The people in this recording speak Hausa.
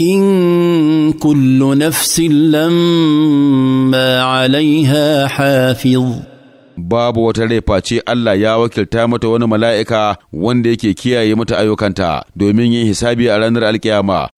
ان كل نفس لما عليها حافظ babu wata rai face Allah ya wakilta mata wani mala'ika wanda yake kiyaye mata ayyukanta domin yin hisabi a ranar alkiyama